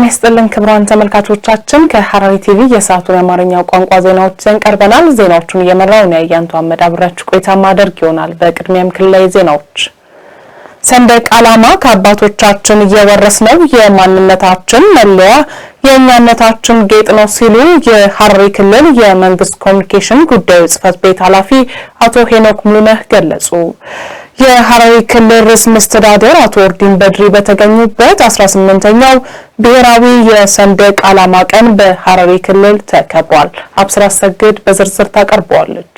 ጤና ይስጥልን ክቡራን ተመልካቾቻችን፣ ከሐረሪ ቲቪ የሰዓቱን የአማርኛው ቋንቋ ዜናዎችን ቀርበናል። ዜናዎቹን እየመራው ነው ያያንቱ አመድ አብራችሁ ቆይታ ማደርግ ይሆናል። በቅድሚያም ክልላዊ ዜናዎች። ሰንደቅ ዓላማ ከአባቶቻችን ነው የማንነታችን መለያ የእኛነታችን ጌጥ ነው ሲሉ የሐረሪ ክልል የመንግስት ኮሚኒኬሽን ጉዳዩ ጽህፈት ቤት ኃላፊ አቶ ሄኖክ ሙሉነህ ገለጹ። የሐረሪ ክልል ርዕሰ መስተዳድር አቶ ኦርዲን በድሪ በተገኙበት 18ኛው ብሔራዊ የሰንደቅ ዓላማ ቀን በሐረሪ ክልል ተከብሯል። አብስራ ሰግድ በዝርዝር ታቀርበዋለች።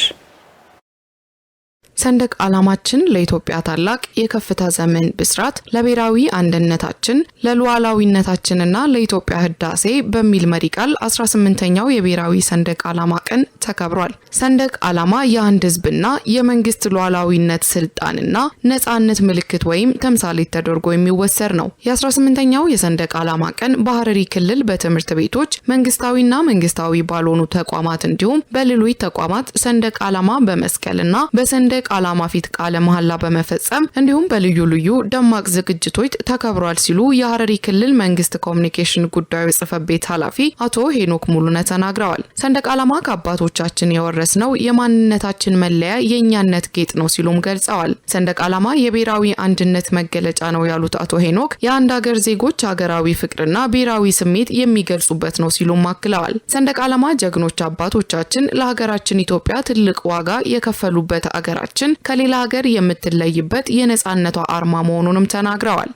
ሰንደቅ ዓላማችን ለኢትዮጵያ ታላቅ የከፍታ ዘመን ብስራት፣ ለብሔራዊ አንድነታችን፣ ለሉዓላዊነታችንና ለኢትዮጵያ ህዳሴ በሚል መሪ ቃል 18ኛው የብሔራዊ ሰንደቅ ዓላማ ቀን ተከብሯል። ሰንደቅ ዓላማ የአንድ ህዝብና የመንግስት ሉዓላዊነት ስልጣንና ነጻነት ምልክት ወይም ተምሳሌት ተደርጎ የሚወሰድ ነው። የ18ኛው የሰንደቅ ዓላማ ቀን በሐረሪ ክልል በትምህርት ቤቶች መንግስታዊና መንግስታዊ ባልሆኑ ተቋማት እንዲሁም በሌሎች ተቋማት ሰንደቅ ዓላማ በመስቀልና በሰንደቅ ዓላማ ፊት ቃለ መሐላ በመፈጸም እንዲሁም በልዩ ልዩ ደማቅ ዝግጅቶች ተከብሯል ሲሉ የሀረሪ ክልል መንግስት ኮሚኒኬሽን ጉዳዮች ጽህፈት ቤት ኃላፊ አቶ ሄኖክ ሙሉነ ተናግረዋል። ሰንደቅ ዓላማ ከአባቶቻችን የወረስ ነው የማንነታችን መለያ የእኛነት ጌጥ ነው ሲሉም ገልጸዋል። ሰንደቅ ዓላማ የብሔራዊ አንድነት መገለጫ ነው ያሉት አቶ ሄኖክ የአንድ ሀገር ዜጎች ሀገራዊ ፍቅርና ብሔራዊ ስሜት የሚገልጹበት ነው ሲሉም አክለዋል። ሰንደቅ ዓላማ ጀግኖች አባቶቻችን ለሀገራችን ኢትዮጵያ ትልቅ ዋጋ የከፈሉበት አገራችን ሀገራችን ከሌላ ሀገር የምትለይበት የነፃነቷ አርማ መሆኑንም ተናግረዋል።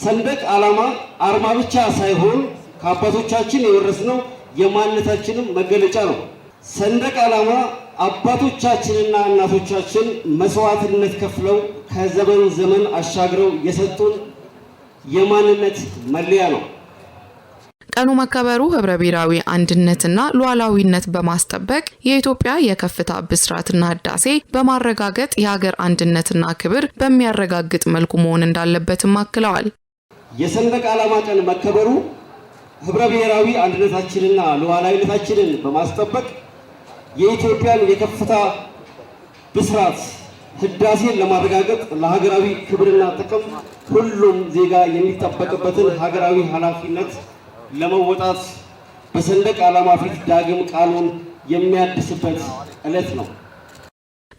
ሰንደቅ ዓላማ አርማ ብቻ ሳይሆን ከአባቶቻችን የወረስነው የማንነታችንም መገለጫ ነው። ሰንደቅ ዓላማ አባቶቻችንና እናቶቻችን መስዋዕትነት ከፍለው ከዘመን ዘመን አሻግረው የሰጡን የማንነት መለያ ነው። ቀኑ መከበሩ ህብረ ብሔራዊ አንድነትና ሉዓላዊነት በማስጠበቅ የኢትዮጵያ የከፍታ ብስራትና ህዳሴ በማረጋገጥ የሀገር አንድነትና ክብር በሚያረጋግጥ መልኩ መሆን እንዳለበትም አክለዋል። የሰንደቅ ዓላማ ቀን መከበሩ ህብረ ብሔራዊ አንድነታችንና ሉዓላዊነታችንን በማስጠበቅ የኢትዮጵያን የከፍታ ብስራት ህዳሴን ለማረጋገጥ ለሀገራዊ ክብርና ጥቅም ሁሉም ዜጋ የሚጠበቅበትን ሀገራዊ ኃላፊነት ለመወጣት በሰንደቅ ዓላማ ፊት ዳግም ቃሉን የሚያድስበት ዕለት ነው።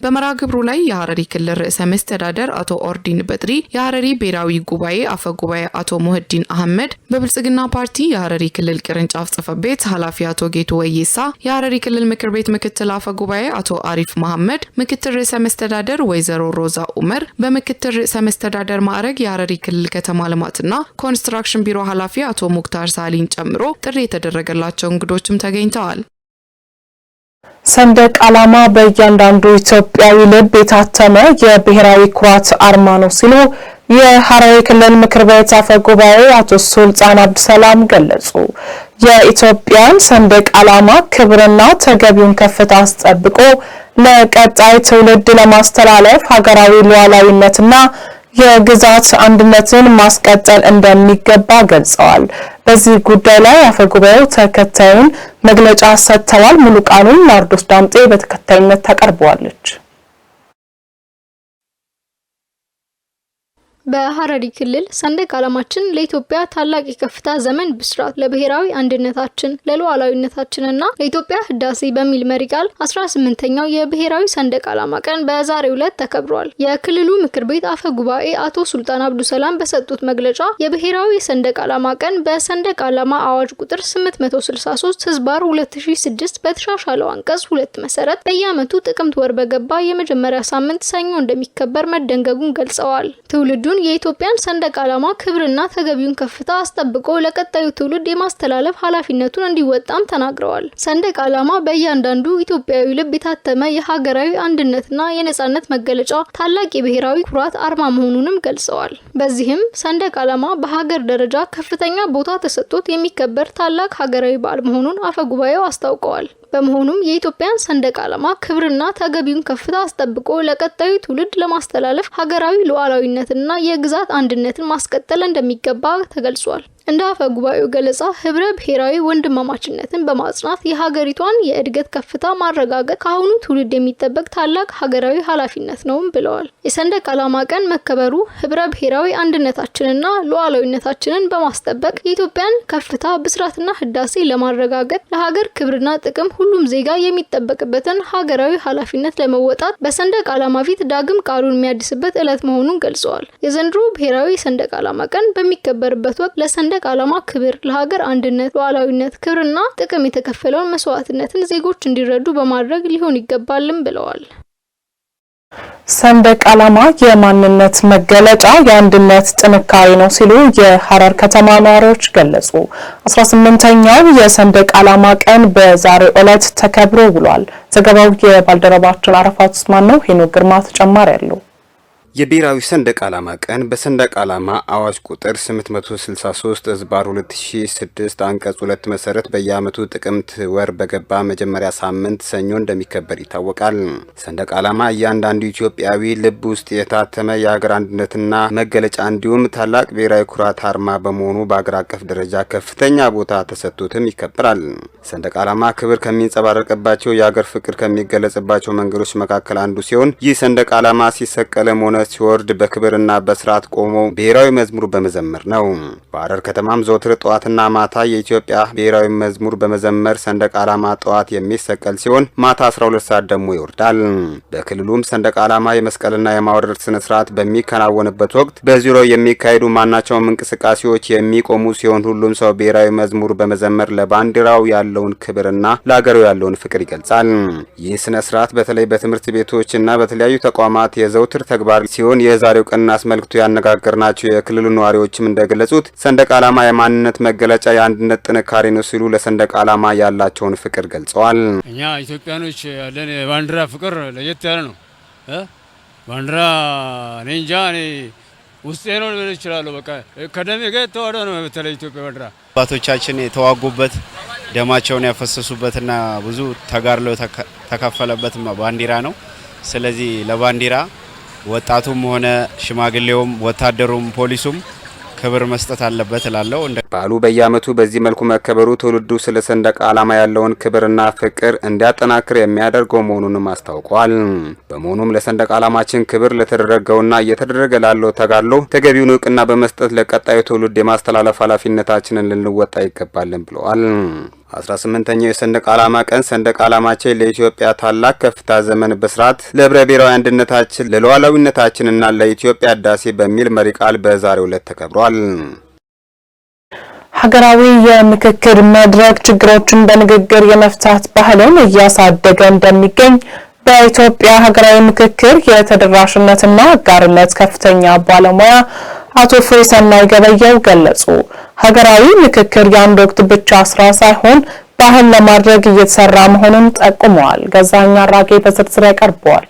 በመርሃ ግብሩ ላይ የሀረሪ ክልል ርዕሰ መስተዳደር አቶ ኦርዲን በጥሪ የሀረሪ ብሔራዊ ጉባኤ አፈ ጉባኤ አቶ ሙህዲን አህመድ፣ በብልጽግና ፓርቲ የሀረሪ ክልል ቅርንጫፍ ጽህፈት ቤት ኃላፊ አቶ ጌቱ ወይሳ፣ የሀረሪ ክልል ምክር ቤት ምክትል አፈ ጉባኤ አቶ አሪፍ መሐመድ፣ ምክትል ርዕሰ መስተዳደር ወይዘሮ ሮዛ ኡመር፣ በምክትል ርዕሰ መስተዳደር ማዕረግ የሀረሪ ክልል ከተማ ልማትና ኮንስትራክሽን ቢሮ ኃላፊ አቶ ሙክታር ሳሊን ጨምሮ ጥሪ የተደረገላቸው እንግዶችም ተገኝተዋል። ሰንደቅ ዓላማ በእያንዳንዱ ኢትዮጵያዊ ልብ የታተመ የብሔራዊ ኩራት አርማ ነው ሲሉ የሐረሪ ክልል ምክር ቤት አፈ ጉባኤ አቶ ሱልጣን አብዱሰላም ገለጹ። የኢትዮጵያን ሰንደቅ ዓላማ ክብርና ተገቢውን ከፍታ አስጠብቆ ለቀጣይ ትውልድ ለማስተላለፍ ሀገራዊ ሉዓላዊነትና የግዛት አንድነትን ማስቀጠል እንደሚገባ ገልጸዋል። በዚህ ጉዳይ ላይ አፈጉባኤው ተከታዩን መግለጫ ሰጥተዋል። ሙሉ ቃሉን ናርዶስ ዳምጤ በተከታይነት ታቀርበዋለች። በሐረሪ ክልል ሰንደቅ ዓላማችን ለኢትዮጵያ ታላቅ የከፍታ ዘመን ብስራት ለብሔራዊ አንድነታችን ለሉዓላዊነታችንና ለኢትዮጵያ ህዳሴ በሚል መሪ ቃል 18ኛው የብሔራዊ ሰንደቅ ዓላማ ቀን በዛሬው ዕለት ተከብሯል። የክልሉ ምክር ቤት አፈ ጉባኤ አቶ ሱልጣን አብዱሰላም በሰጡት መግለጫ የብሔራዊ ሰንደቅ ዓላማ ቀን በሰንደቅ ዓላማ አዋጅ ቁጥር 863 ህዝባር 2006 በተሻሻለው አንቀጽ ሁለት መሰረት በየዓመቱ ጥቅምት ወር በገባ የመጀመሪያ ሳምንት ሰኞ እንደሚከበር መደንገጉን ገልጸዋል። ትውልዱን ሲሆን የኢትዮጵያን ሰንደቅ ዓላማ ክብርና ተገቢውን ከፍታ አስጠብቆ ለቀጣዩ ትውልድ የማስተላለፍ ኃላፊነቱን እንዲወጣም ተናግረዋል። ሰንደቅ ዓላማ በእያንዳንዱ ኢትዮጵያዊ ልብ የታተመ የሀገራዊ አንድነትና የነጻነት መገለጫ፣ ታላቅ የብሔራዊ ኩራት አርማ መሆኑንም ገልጸዋል። በዚህም ሰንደቅ ዓላማ በሀገር ደረጃ ከፍተኛ ቦታ ተሰጥቶት የሚከበር ታላቅ ሀገራዊ በዓል መሆኑን አፈጉባኤው አስታውቀዋል። በመሆኑም የኢትዮጵያን ሰንደቅ ዓላማ ክብርና ተገቢውን ከፍታ አስጠብቆ ለቀጣዩ ትውልድ ለማስተላለፍ ሀገራዊ ሉዓላዊነትና የግዛት አንድነትን ማስቀጠል እንደሚገባ ተገልጿል። እንደ አፈ ጉባኤው ገለጻ ህብረ ብሔራዊ ወንድማማችነትን በማጽናት የሀገሪቷን የእድገት ከፍታ ማረጋገጥ ከአሁኑ ትውልድ የሚጠበቅ ታላቅ ሀገራዊ ኃላፊነት ነውም ብለዋል። የሰንደቅ ዓላማ ቀን መከበሩ ህብረ ብሔራዊ አንድነታችንና ሉዓላዊነታችንን በማስጠበቅ የኢትዮጵያን ከፍታ ብስራትና ህዳሴ ለማረጋገጥ ለሀገር ክብርና ጥቅም ሁሉም ዜጋ የሚጠበቅበትን ሀገራዊ ኃላፊነት ለመወጣት በሰንደቅ ዓላማ ፊት ዳግም ቃሉን የሚያድስበት ዕለት መሆኑን ገልጸዋል። የዘንድሮ ብሔራዊ ሰንደቅ ዓላማ ቀን በሚከበርበት ወቅት ለሰንደቅ ሰንደቅ ዓላማ ክብር፣ ለሀገር አንድነት፣ ሉዓላዊነት፣ ክብርና ጥቅም የተከፈለውን መስዋዕትነትን ዜጎች እንዲረዱ በማድረግ ሊሆን ይገባልም ብለዋል። ሰንደቅ ዓላማ የማንነት መገለጫ፣ የአንድነት ጥንካሬ ነው ሲሉ የሐረር ከተማ ነዋሪዎች ገለጹ። 18ኛው የሰንደቅ ዓላማ ቀን በዛሬው ዕለት ተከብሮ ውሏል። ዘገባው የባልደረባችን አረፋት ኡስማን ነው። ሄኖ ግርማ ተጨማሪ አለው። የብሔራዊ ሰንደቅ ዓላማ ቀን በሰንደቅ ዓላማ አዋጅ ቁጥር 863 ዝባር 2006 አንቀጽ 2 መሰረት በየዓመቱ ጥቅምት ወር በገባ መጀመሪያ ሳምንት ሰኞ እንደሚከበር ይታወቃል። ሰንደቅ ዓላማ እያንዳንዱ ኢትዮጵያዊ ልብ ውስጥ የታተመ የሀገር አንድነትና መገለጫ እንዲሁም ታላቅ ብሔራዊ ኩራት አርማ በመሆኑ በአገር አቀፍ ደረጃ ከፍተኛ ቦታ ተሰጥቶትም ይከበራል። ሰንደቅ ዓላማ ክብር ከሚንጸባረቅባቸው የሀገር ፍቅር ከሚገለጽባቸው መንገዶች መካከል አንዱ ሲሆን ይህ ሰንደቅ ዓላማ ሲሰቀለም ሆነ መቅደስ ሲወርድ በክብርና በስርዓት ቆሞ ብሔራዊ መዝሙር በመዘመር ነው። በሐረር ከተማም ዘወትር ጠዋትና ማታ የኢትዮጵያ ብሔራዊ መዝሙር በመዘመር ሰንደቅ ዓላማ ጠዋት የሚሰቀል ሲሆን ማታ 12 ሰዓት ደግሞ ይወርዳል። በክልሉም ሰንደቅ ዓላማ የመስቀልና የማውረድ ስነ ስርዓት በሚከናወንበት ወቅት በዙሪያው የሚካሄዱ ማናቸውም እንቅስቃሴዎች የሚቆሙ ሲሆን ሁሉም ሰው ብሔራዊ መዝሙር በመዘመር ለባንዲራው ያለውን ክብርና ለአገሩ ያለውን ፍቅር ይገልጻል። ይህ ስነ ስርዓት በተለይ በትምህርት ቤቶችና በተለያዩ ተቋማት የዘውትር ተግባር ሲሆን የዛሬው ቀን አስመልክቶ ያነጋገርናቸው የክልሉ ነዋሪዎችም እንደገለጹት ሰንደቅ ዓላማ የማንነት መገለጫ፣ የአንድነት ጥንካሬ ነው ሲሉ ለሰንደቅ ዓላማ ያላቸውን ፍቅር ገልጸዋል። እኛ ኢትዮጵያኖች ያለን የባንዲራ ፍቅር ለየት ያለ ነው። ባንዲራ እኔ እንጃ እኔ ውስጤ ነው ልበል ይችላሉ። በቃ ከደሜ ጋር የተዋደ ነው። በተለይ ኢትዮጵያ ባንዲራ አባቶቻችን የተዋጉበት ደማቸውን ያፈሰሱበትና ብዙ ተጋድሎ ተካፈለበት ባንዲራ ነው። ስለዚህ ለባንዲራ ወጣቱም ሆነ ሽማግሌውም ወታደሩም ፖሊሱም ክብር መስጠት አለበት እላለሁ። በዓሉ በየዓመቱ በዚህ መልኩ መከበሩ ትውልዱ ስለ ሰንደቅ ዓላማ ያለውን ክብርና ፍቅር እንዲያጠናክር የሚያደርገው መሆኑንም አስታውቋል። በመሆኑም ለሰንደቅ ዓላማችን ክብር ለተደረገውና እየተደረገ ላለው ተጋድሎ ተገቢውን እውቅና በመስጠት ለቀጣዩ ትውልድ የማስተላለፍ ኃላፊነታችንን ልንወጣ ይገባልን ብለዋል። 18ኛው የሰንደቅ ዓላማ ቀን ሰንደቅ ዓላማችን ለኢትዮጵያ ታላቅ ከፍታ ዘመን በስርዓት ለህብረ ብሔራዊ አንድነታችን ለሉዓላዊነታችንና ለኢትዮጵያ ህዳሴ በሚል መሪ ቃል በዛሬው ዕለት ተከብሯል። ሀገራዊ የምክክር መድረክ ችግሮችን በንግግር የመፍታት ባህልን እያሳደገ እንደሚገኝ በኢትዮጵያ ሀገራዊ ምክክር የተደራሽነትና አጋርነት ከፍተኛ ባለሙያ አቶ ፍሬሰናይ ገበየው ገለጹ። ሀገራዊ ምክክር የአንድ ወቅት ብቻ ስራ ሳይሆን ባህል ለማድረግ እየተሰራ መሆኑን ጠቁመዋል። ገዛኛ አራጌ በዝርዝር ያቀርበዋል።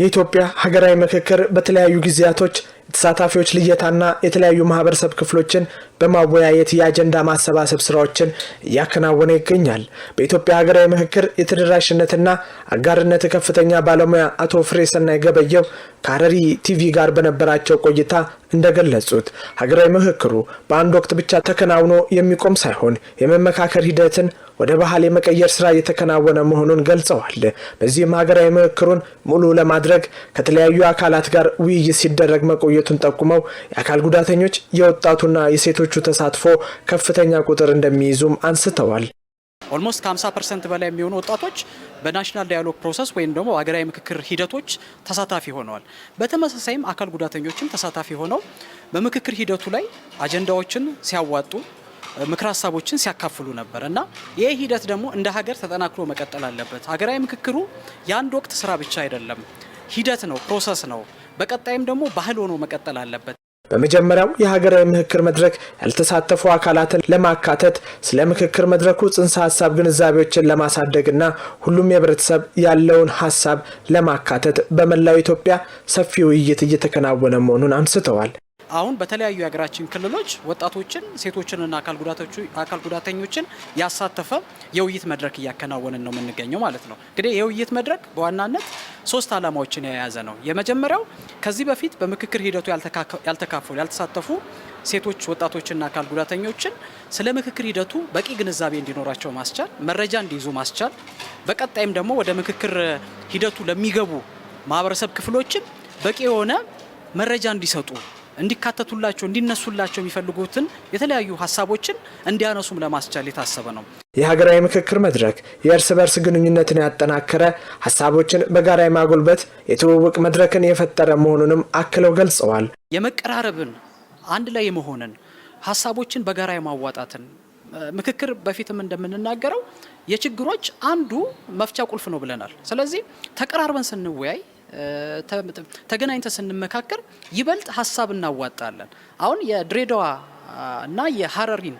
የኢትዮጵያ ሀገራዊ ምክክር በተለያዩ ጊዜያቶች የተሳታፊዎች ልየታና የተለያዩ ማህበረሰብ ክፍሎችን በማወያየት የአጀንዳ ማሰባሰብ ስራዎችን እያከናወነ ይገኛል። በኢትዮጵያ ሀገራዊ ምክክር የተደራሽነትና አጋርነት ከፍተኛ ባለሙያ አቶ ፍሬሰናይ ገበየው ከሀረሪ ቲቪ ጋር በነበራቸው ቆይታ እንደገለጹት ሀገራዊ ምክክሩ በአንድ ወቅት ብቻ ተከናውኖ የሚቆም ሳይሆን የመመካከር ሂደትን ወደ ባህል የመቀየር ስራ እየተከናወነ መሆኑን ገልጸዋል። በዚህም ሀገራዊ ምክክሩን ሙሉ ለማድረግ ከተለያዩ አካላት ጋር ውይይት ሲደረግ መቆየቱን ጠቁመው የአካል ጉዳተኞች የወጣቱና የሴቶቹ ተሳትፎ ከፍተኛ ቁጥር እንደሚይዙም አንስተዋል። ኦልሞስት ከ50 ፐርሰንት በላይ የሚሆኑ ወጣቶች በናሽናል ዳያሎግ ፕሮሰስ ወይም ደግሞ ሀገራዊ ምክክር ሂደቶች ተሳታፊ ሆነዋል። በተመሳሳይም አካል ጉዳተኞችም ተሳታፊ ሆነው በምክክር ሂደቱ ላይ አጀንዳዎችን ሲያዋጡ ምክር ሀሳቦችን ሲያካፍሉ ነበር እና ይህ ሂደት ደግሞ እንደ ሀገር ተጠናክሮ መቀጠል አለበት። ሀገራዊ ምክክሩ የአንድ ወቅት ስራ ብቻ አይደለም፣ ሂደት ነው፣ ፕሮሰስ ነው። በቀጣይም ደግሞ ባህል ሆኖ መቀጠል አለበት። በመጀመሪያው የሀገራዊ ምክክር መድረክ ያልተሳተፉ አካላትን ለማካተት ስለ ምክክር መድረኩ ጽንሰ ሀሳብ ግንዛቤዎችን ለማሳደግና ሁሉም የህብረተሰብ ያለውን ሀሳብ ለማካተት በመላው ኢትዮጵያ ሰፊ ውይይት እየተከናወነ መሆኑን አንስተዋል። አሁን በተለያዩ የሀገራችን ክልሎች ወጣቶችን፣ ሴቶችንና አካል ጉዳተኞችን ያሳተፈ የውይይት መድረክ እያከናወንን ነው የምንገኘው ማለት ነው። እንግዲህ የውይይት መድረክ በዋናነት ሶስት ዓላማዎችን የያዘ ነው። የመጀመሪያው ከዚህ በፊት በምክክር ሂደቱ ያልተካፈሉ ያልተሳተፉ ሴቶች ወጣቶችና አካል ጉዳተኞችን ስለ ምክክር ሂደቱ በቂ ግንዛቤ እንዲኖራቸው ማስቻል፣ መረጃ እንዲይዙ ማስቻል፣ በቀጣይም ደግሞ ወደ ምክክር ሂደቱ ለሚገቡ ማህበረሰብ ክፍሎችን በቂ የሆነ መረጃ እንዲሰጡ እንዲካተቱላቸው እንዲነሱላቸው የሚፈልጉትን የተለያዩ ሀሳቦችን እንዲያነሱም ለማስቻል የታሰበ ነው። የሀገራዊ ምክክር መድረክ የእርስ በርስ ግንኙነትን ያጠናከረ፣ ሀሳቦችን በጋራ የማጎልበት የትውውቅ መድረክን የፈጠረ መሆኑንም አክለው ገልጸዋል። የመቀራረብን አንድ ላይ የመሆንን ሀሳቦችን በጋራ የማዋጣትን ምክክር በፊትም እንደምንናገረው የችግሮች አንዱ መፍቻ ቁልፍ ነው ብለናል። ስለዚህ ተቀራርበን ስንወያይ ተገናኝተ ስንመካከር ይበልጥ ሀሳብ እናዋጣለን። አሁን የድሬዳዋ እና የሀረሪን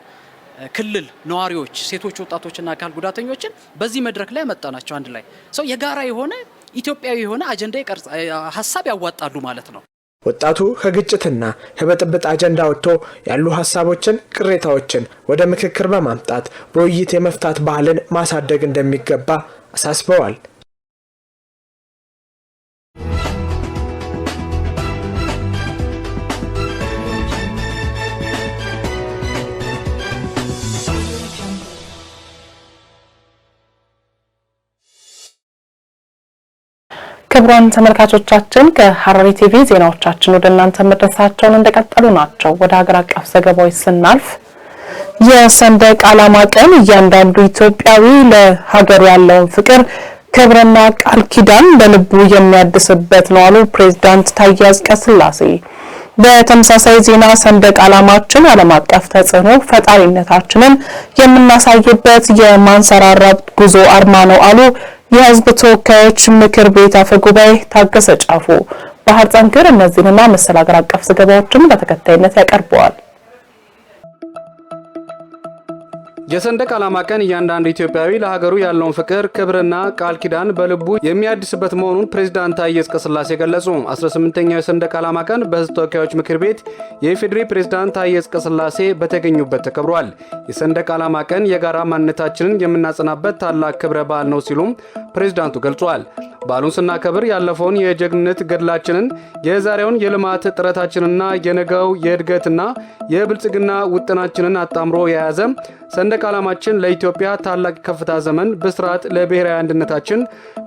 ክልል ነዋሪዎች፣ ሴቶች፣ ወጣቶችና አካል ጉዳተኞችን በዚህ መድረክ ላይ ያመጣናቸው አንድ ላይ ሰው የጋራ የሆነ ኢትዮጵያዊ የሆነ አጀንዳ ሀሳብ ያዋጣሉ ማለት ነው። ወጣቱ ከግጭትና ከብጥብጥ አጀንዳ ወጥቶ ያሉ ሀሳቦችን፣ ቅሬታዎችን ወደ ምክክር በማምጣት በውይይት የመፍታት ባህልን ማሳደግ እንደሚገባ አሳስበዋል። ክቡራን ተመልካቾቻችን ከሐረሪ ቲቪ ዜናዎቻችን ወደ እናንተ መድረሳቸውን እንደቀጠሉ ናቸው። ወደ ሀገር አቀፍ ዘገባዎች ስናልፍ የሰንደቅ ዓላማ ቀን እያንዳንዱ ኢትዮጵያዊ ለሀገሩ ያለውን ፍቅር ክብርና ቃል ኪዳን በልቡ የሚያድስበት ነው አሉ ፕሬዚዳንት ታዬ አጽቀሥላሴ። በተመሳሳይ ዜና ሰንደቅ ዓላማችን ዓለም አቀፍ ተጽዕኖ ፈጣሪነታችንን የምናሳይበት የማንሰራራት ጉዞ አርማ ነው አሉ የህዝብ ተወካዮች ምክር ቤት አፈ ጉባኤ ታገሰ ጫፉ ባህር ጠንክር እነዚህንና መሰል አገር አቀፍ ዘገባዎችም በተከታይነት ያቀርበዋል። የሰንደቅ ዓላማ ቀን እያንዳንዱ ኢትዮጵያዊ ለሀገሩ ያለውን ፍቅር፣ ክብርና ቃል ኪዳን በልቡ የሚያድስበት መሆኑን ፕሬዚዳንት ታዬ አጽቀሥላሴ ገለጹ። 18ኛው የሰንደቅ ዓላማ ቀን በሕዝብ ተወካዮች ምክር ቤት የኢፌዴሪ ፕሬዚዳንት ታዬ አጽቀሥላሴ በተገኙበት ተከብሯል። የሰንደቅ ዓላማ ቀን የጋራ ማንነታችንን የምናጸናበት ታላቅ ክብረ በዓል ነው ሲሉም ፕሬዚዳንቱ ገልጿል። በዓሉን ስናከብር ያለፈውን የጀግንነት ገድላችንን፣ የዛሬውን የልማት ጥረታችንና የነገው የእድገትና የብልጽግና ውጥናችንን አጣምሮ የያዘ ሰንደቅ ዓላማችን ለኢትዮጵያ ታላቅ ከፍታ ዘመን ብስራት ለብሔራዊ አንድነታችን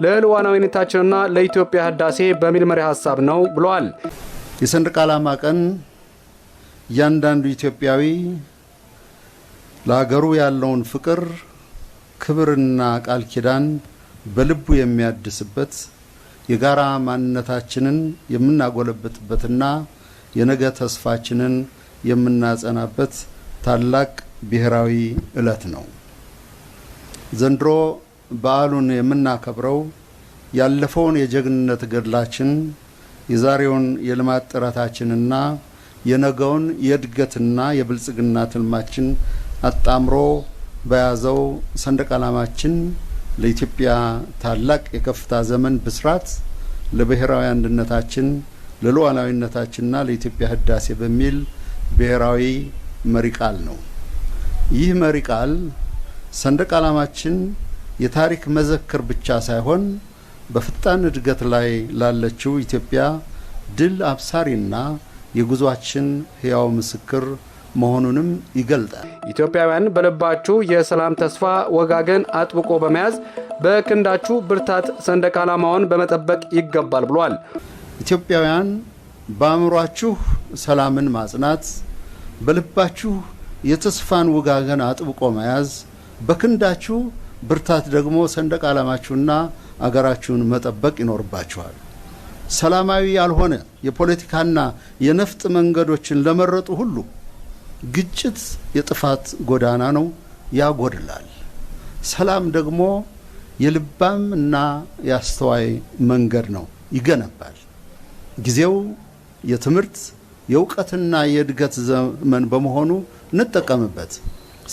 ለህልዋናዊነታችንና ለኢትዮጵያ ህዳሴ በሚል መሪ ሀሳብ ነው ብለዋል። የሰንደቅ ዓላማ ቀን እያንዳንዱ ኢትዮጵያዊ ለሀገሩ ያለውን ፍቅር ክብርና ቃል ኪዳን በልቡ የሚያድስበት የጋራ ማንነታችንን የምናጎለብትበትና የነገ ተስፋችንን የምናጸናበት ታላቅ ብሔራዊ ዕለት ነው። ዘንድሮ በዓሉን የምናከብረው ያለፈውን የጀግንነት ገድላችን የዛሬውን የልማት ጥረታችንና የነገውን የእድገትና የብልጽግና ትልማችን አጣምሮ በያዘው ሰንደቅ ዓላማችን ለኢትዮጵያ ታላቅ የከፍታ ዘመን ብስራት፣ ለብሔራዊ አንድነታችን፣ ለሉዓላዊነታችንና ለኢትዮጵያ ሕዳሴ በሚል ብሔራዊ መሪ ቃል ነው። ይህ መሪ ቃል ሰንደቅ ዓላማችን የታሪክ መዘክር ብቻ ሳይሆን በፍጣን እድገት ላይ ላለችው ኢትዮጵያ ድል አብሳሪና የጉዟችን ሕያው ምስክር መሆኑንም ይገልጣል። ኢትዮጵያውያን በልባችሁ የሰላም ተስፋ ወጋገን አጥብቆ በመያዝ በክንዳችሁ ብርታት ሰንደቅ ዓላማውን በመጠበቅ ይገባል ብሏል። ኢትዮጵያውያን በአእምሯችሁ ሰላምን ማጽናት፣ በልባችሁ የተስፋን ውጋገን አጥብቆ መያዝ፣ በክንዳችሁ ብርታት ደግሞ ሰንደቅ ዓላማችሁና አገራችሁን መጠበቅ ይኖርባችኋል። ሰላማዊ ያልሆነ የፖለቲካና የነፍጥ መንገዶችን ለመረጡ ሁሉ ግጭት የጥፋት ጎዳና ነው፣ ያጎድላል። ሰላም ደግሞ የልባም እና የአስተዋይ መንገድ ነው፣ ይገነባል። ጊዜው የትምህርት የእውቀትና የእድገት ዘመን በመሆኑ እንጠቀምበት።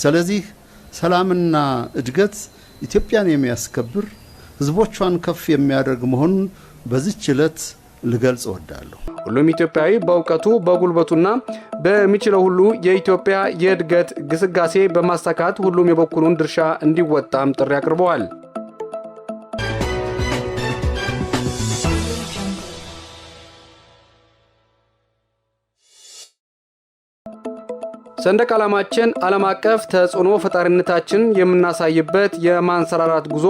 ስለዚህ ሰላምና እድገት ኢትዮጵያን የሚያስከብር ህዝቦቿን ከፍ የሚያደርግ መሆኑን በዚች ዕለት ልገልጽ እወዳለሁ። ሁሉም ኢትዮጵያዊ በእውቀቱ በጉልበቱና በሚችለው ሁሉ የኢትዮጵያ የእድገት ግስጋሴ በማሳካት ሁሉም የበኩሉን ድርሻ እንዲወጣም ጥሪ አቅርበዋል። ሰንደቅ ዓላማችን ዓለም አቀፍ ተጽዕኖ ፈጣሪነታችን የምናሳይበት የማንሰራራት ጉዞ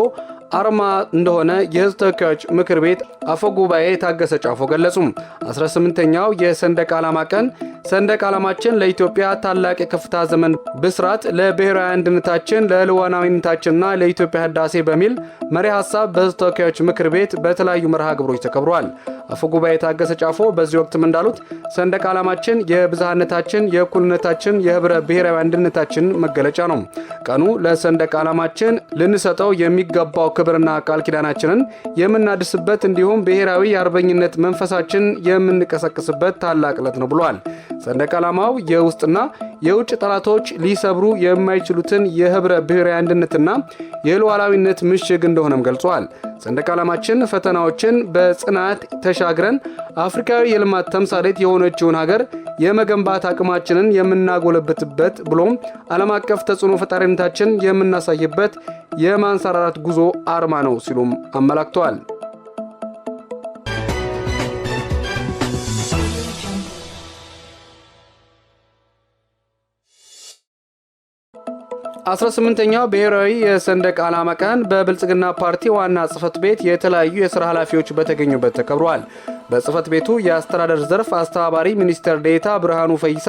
አርማ እንደሆነ የህዝብ ተወካዮች ምክር ቤት አፈ ጉባኤ ታገሰ ጫፎ ገለጹም። 18ኛው የሰንደቅ ዓላማ ቀን ሰንደቅ ዓላማችን ለኢትዮጵያ ታላቅ የከፍታ ዘመን ብስራት፣ ለብሔራዊ አንድነታችን፣ ለልዋናዊነታችንና ለኢትዮጵያ ህዳሴ በሚል መሪ ሀሳብ በህዝብ ተወካዮች ምክር ቤት በተለያዩ መርሃ ግብሮች ተከብሯል። አፈ ጉባኤ ታገሰ ጫፎ በዚህ ወቅትም እንዳሉት ሰንደቅ ዓላማችን የብዝሃነታችን፣ የእኩልነታችን፣ የህብረ ብሔራዊ አንድነታችን መገለጫ ነው። ቀኑ ለሰንደቅ ዓላማችን ልንሰጠው የሚገባው ክብርና ቃል ኪዳናችንን የምናድስበት እንዲሁም ብሔራዊ የአርበኝነት መንፈሳችን የምንቀሰቅስበት ታላቅ ዕለት ነው ብሏል። ሰንደቅ ዓላማው የውስጥና የውጭ ጠላቶች ሊሰብሩ የማይችሉትን የህብረ ብሔራዊ አንድነትና የሉዓላዊነት ምሽግ እንደሆነም ገልጿል። ሰንደቅ ዓላማችን ፈተናዎችን በጽናት ተሻግረን አፍሪካዊ የልማት ተምሳሌት የሆነችውን ሀገር የመገንባት አቅማችንን የምናጎለብትበት ብሎም ዓለም አቀፍ ተጽዕኖ ፈጣሪነታችን የምናሳይበት የማንሰራራት ጉዞ አርማ ነው ሲሉም አመላክተዋል። 18ኛው ብሔራዊ የሰንደቅ ዓላማ ቀን በብልጽግና ፓርቲ ዋና ጽህፈት ቤት የተለያዩ የሥራ ኃላፊዎች በተገኙበት ተከብሯል። በጽህፈት ቤቱ የአስተዳደር ዘርፍ አስተባባሪ ሚኒስትር ዴታ ብርሃኑ ፈይሳ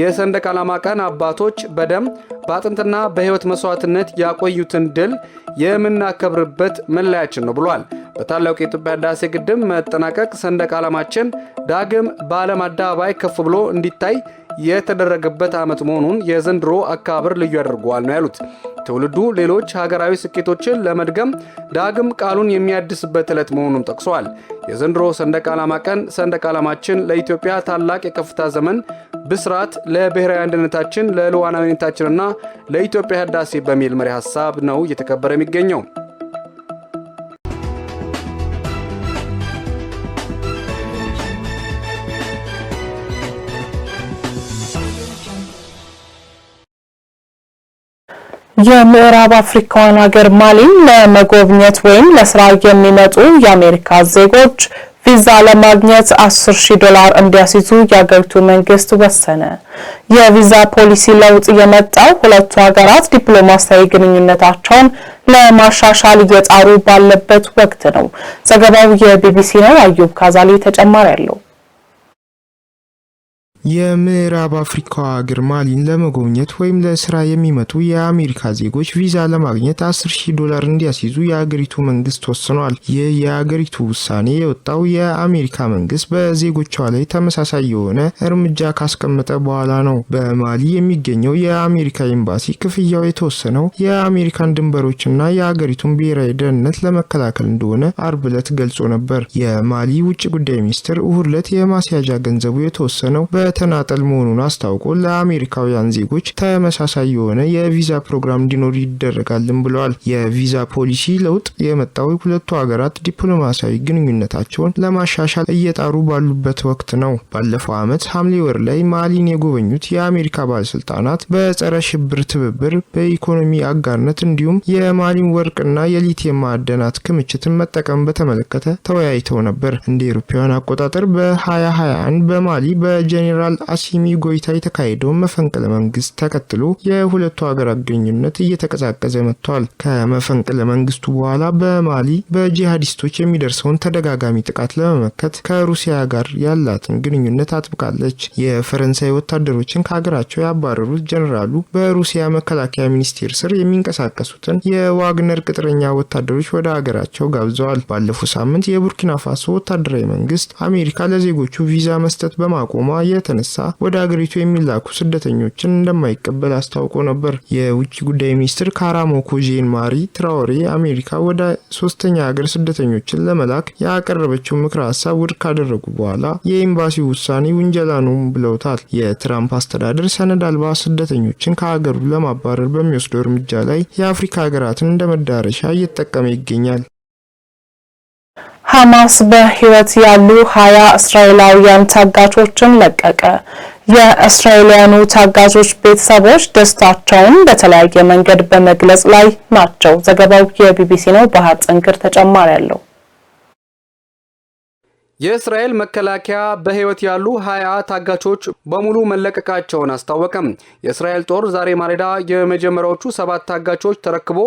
የሰንደቅ ዓላማ ቀን አባቶች በደም በአጥንትና በሕይወት መሥዋዕትነት ያቆዩትን ድል የምናከብርበት መለያችን ነው ብሏል። በታላቁ የኢትዮጵያ ሕዳሴ ግድብ መጠናቀቅ ሰንደቅ ዓላማችን ዳግም በዓለም አደባባይ ከፍ ብሎ እንዲታይ የተደረገበት ዓመት መሆኑን የዘንድሮ አከባበር ልዩ ያደርገዋል ነው ያሉት። ትውልዱ ሌሎች ሀገራዊ ስኬቶችን ለመድገም ዳግም ቃሉን የሚያድስበት ዕለት መሆኑን ጠቅሰዋል። የዘንድሮ ሰንደቅ ዓላማ ቀን ሰንደቅ ዓላማችን ለኢትዮጵያ ታላቅ የከፍታ ዘመን ብስራት፣ ለብሔራዊ አንድነታችን፣ ለልዋናዊነታችንና ለኢትዮጵያ ህዳሴ በሚል መሪ ሀሳብ ነው እየተከበረ የሚገኘው። የምዕራብ አፍሪካዋን ሀገር ማሊን ለመጎብኘት ወይም ለስራ የሚመጡ የአሜሪካ ዜጎች ቪዛ ለማግኘት 10 ሺህ ዶላር እንዲያስይዙ የአገሪቱ መንግስት ወሰነ። የቪዛ ፖሊሲ ለውጥ የመጣው ሁለቱ ሀገራት ዲፕሎማሲያዊ ግንኙነታቸውን ለማሻሻል እየጣሩ ባለበት ወቅት ነው። ዘገባው የቢቢሲ ነው። አዩብ ካዛሊ ተጨማሪ አለው። የምዕራብ አፍሪካ ሀገር ማሊን ለመጎብኘት ወይም ለስራ የሚመጡ የአሜሪካ ዜጎች ቪዛ ለማግኘት 10 ሺህ ዶላር እንዲያስይዙ የሀገሪቱ መንግስት ወስኗል። ይህ የሀገሪቱ ውሳኔ የወጣው የአሜሪካ መንግስት በዜጎቿ ላይ ተመሳሳይ የሆነ እርምጃ ካስቀመጠ በኋላ ነው። በማሊ የሚገኘው የአሜሪካ ኤምባሲ ክፍያው የተወሰነው የአሜሪካን ድንበሮችና የአገሪቱን ብሔራዊ ደህንነት ለመከላከል እንደሆነ አርብ ዕለት ገልጾ ነበር። የማሊ ውጭ ጉዳይ ሚኒስትር እሁድ ዕለት የማስያዣ ገንዘቡ የተወሰነው በ በተናጠል መሆኑን አስታውቆ ለአሜሪካውያን ዜጎች ተመሳሳይ የሆነ የቪዛ ፕሮግራም እንዲኖር ይደረጋልን ብለዋል። የቪዛ ፖሊሲ ለውጥ የመጣው ሁለቱ ሀገራት ዲፕሎማሲያዊ ግንኙነታቸውን ለማሻሻል እየጣሩ ባሉበት ወቅት ነው። ባለፈው ዓመት ሐምሌ ወር ላይ ማሊን የጎበኙት የአሜሪካ ባለስልጣናት በጸረ ሽብር ትብብር፣ በኢኮኖሚ አጋርነት እንዲሁም የማሊን ወርቅና የሊቲየም ማዕድናት ክምችትን መጠቀም በተመለከተ ተወያይተው ነበር። እንደ አውሮፓውያን አቆጣጠር በ2021 በማሊ በጄኔራል ጀነራል አሲሚ ጎይታ የተካሄደውን መፈንቅለ መንግስት ተከትሎ የሁለቱ ሀገራት ግንኙነት እየተቀዛቀዘ መጥቷል። ከመፈንቅለ መንግስቱ በኋላ በማሊ በጂሃዲስቶች የሚደርሰውን ተደጋጋሚ ጥቃት ለመመከት ከሩሲያ ጋር ያላትን ግንኙነት አጥብቃለች። የፈረንሳይ ወታደሮችን ከሀገራቸው ያባረሩት ጀነራሉ በሩሲያ መከላከያ ሚኒስቴር ስር የሚንቀሳቀሱትን የዋግነር ቅጥረኛ ወታደሮች ወደ ሀገራቸው ጋብዘዋል። ባለፈው ሳምንት የቡርኪና ፋሶ ወታደራዊ መንግስት አሜሪካ ለዜጎቹ ቪዛ መስጠት በማቆሟ የተ የተነሳ ወደ አገሪቱ የሚላኩ ስደተኞችን እንደማይቀበል አስታውቆ ነበር። የውጭ ጉዳይ ሚኒስትር ካራሞ ጄን ማሪ ትራኦሬ አሜሪካ ወደ ሶስተኛ ሀገር ስደተኞችን ለመላክ ያቀረበችው ምክረ ሀሳብ ውድቅ ካደረጉ በኋላ የኤምባሲው ውሳኔ ውንጀላ ነው ብለውታል። የትራምፕ አስተዳደር ሰነድ አልባ ስደተኞችን ከሀገሩ ለማባረር በሚወስደው እርምጃ ላይ የአፍሪካ ሀገራትን እንደ መዳረሻ እየተጠቀመ ይገኛል። ሐማስ በህይወት ያሉ ሀያ እስራኤላውያን ታጋቾችን ለቀቀ። የእስራኤላውያኑ ታጋቾች ቤተሰቦች ደስታቸውን በተለያየ መንገድ በመግለጽ ላይ ናቸው። ዘገባው የቢቢሲ ነው። ባህር ተጨማሪ አለው። የእስራኤል መከላከያ በህይወት ያሉ ሀያ ታጋቾች በሙሉ መለቀቃቸውን አስታወቀም። የእስራኤል ጦር ዛሬ ማለዳ የመጀመሪያዎቹ ሰባት ታጋቾች ተረክቦ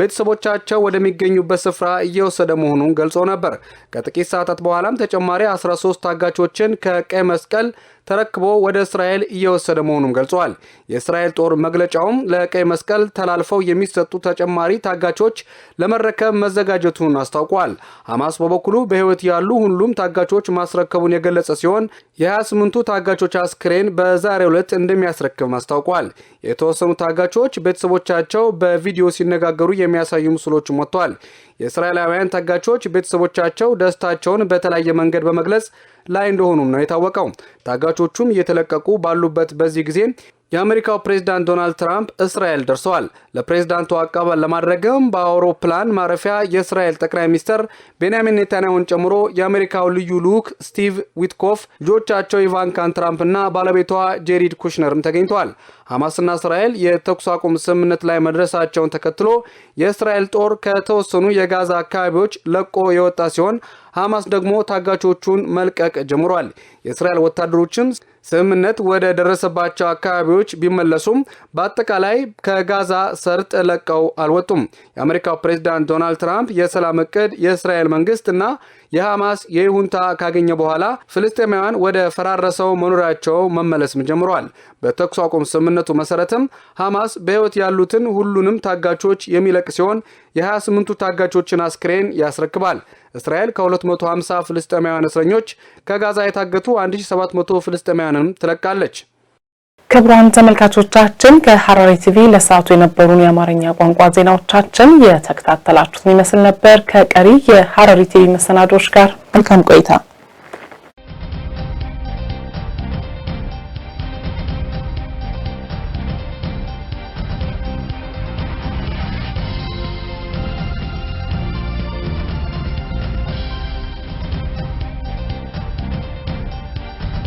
ቤተሰቦቻቸው ወደሚገኙበት ስፍራ እየወሰደ መሆኑን ገልጾ ነበር። ከጥቂት ሰዓታት በኋላም ተጨማሪ 13 ታጋቾችን ከቀይ መስቀል ተረክቦ ወደ እስራኤል እየወሰደ መሆኑን ገልጿል። የእስራኤል ጦር መግለጫውም ለቀይ መስቀል ተላልፈው የሚሰጡ ተጨማሪ ታጋቾች ለመረከብ መዘጋጀቱን አስታውቋል። ሐማስ በበኩሉ በሕይወት ያሉ ሁሉም ታጋቾች ማስረከቡን የገለጸ ሲሆን የ28ቱ ታጋቾች አስክሬን በዛሬው ዕለት እንደሚያስረክብም አስታውቋል። የተወሰኑ ታጋቾች ቤተሰቦቻቸው በቪዲዮ ሲነጋገሩ የሚያሳዩ ምስሎች ወጥተዋል። የእስራኤላውያን ታጋቾች ቤተሰቦቻቸው ደስታቸውን በተለያየ መንገድ በመግለጽ ላይ እንደሆኑም ነው የታወቀው። ታጋቾቹም እየተለቀቁ ባሉበት በዚህ ጊዜ የአሜሪካው ፕሬዝዳንት ዶናልድ ትራምፕ እስራኤል ደርሰዋል። ለፕሬዚዳንቱ አቀባበል ለማድረግም በአውሮፕላን ማረፊያ የእስራኤል ጠቅላይ ሚኒስትር ቤንያሚን ኔታንያሁን ጨምሮ የአሜሪካው ልዩ ልዑክ ስቲቭ ዊትኮፍ፣ ልጆቻቸው ኢቫንካን ትራምፕ እና ባለቤቷ ጄሪድ ኩሽነርም ተገኝተዋል። ሐማስና እስራኤል የተኩስ አቁም ስምምነት ላይ መድረሳቸውን ተከትሎ የእስራኤል ጦር ከተወሰኑ የጋዛ አካባቢዎች ለቆ የወጣ ሲሆን ሐማስ ደግሞ ታጋቾቹን መልቀቅ ጀምሯል። የእስራኤል ወታደሮችም ስምምነት ወደ ደረሰባቸው አካባቢዎች ቢመለሱም በአጠቃላይ ከጋዛ ሰርጥ ለቀው አልወጡም። የአሜሪካው ፕሬዚዳንት ዶናልድ ትራምፕ የሰላም እቅድ የእስራኤል መንግስት እና የሐማስ የይሁንታ ካገኘ በኋላ ፍልስጤማውያን ወደ ፈራረሰው መኖሪያቸው መመለስም ጀምሯል። በተኩስ አቁም ስምምነቱ መሰረትም ሐማስ በሕይወት ያሉትን ሁሉንም ታጋቾች የሚለቅ ሲሆን የ28ቱ ታጋቾችን አስክሬን ያስረክባል። እስራኤል ከ250 ፍልስጤማውያን እስረኞች ከጋዛ የታገቱ 1700 ፍልስጤማውያንም ትለቃለች። ክቡራን ተመልካቾቻችን ከሐረሪ ቲቪ ለሰዓቱ የነበሩን የአማርኛ ቋንቋ ዜናዎቻችን የተከታተላችሁትን ይመስል ነበር። ከቀሪ የሐረሪ ቲቪ መሰናዶች ጋር መልካም ቆይታ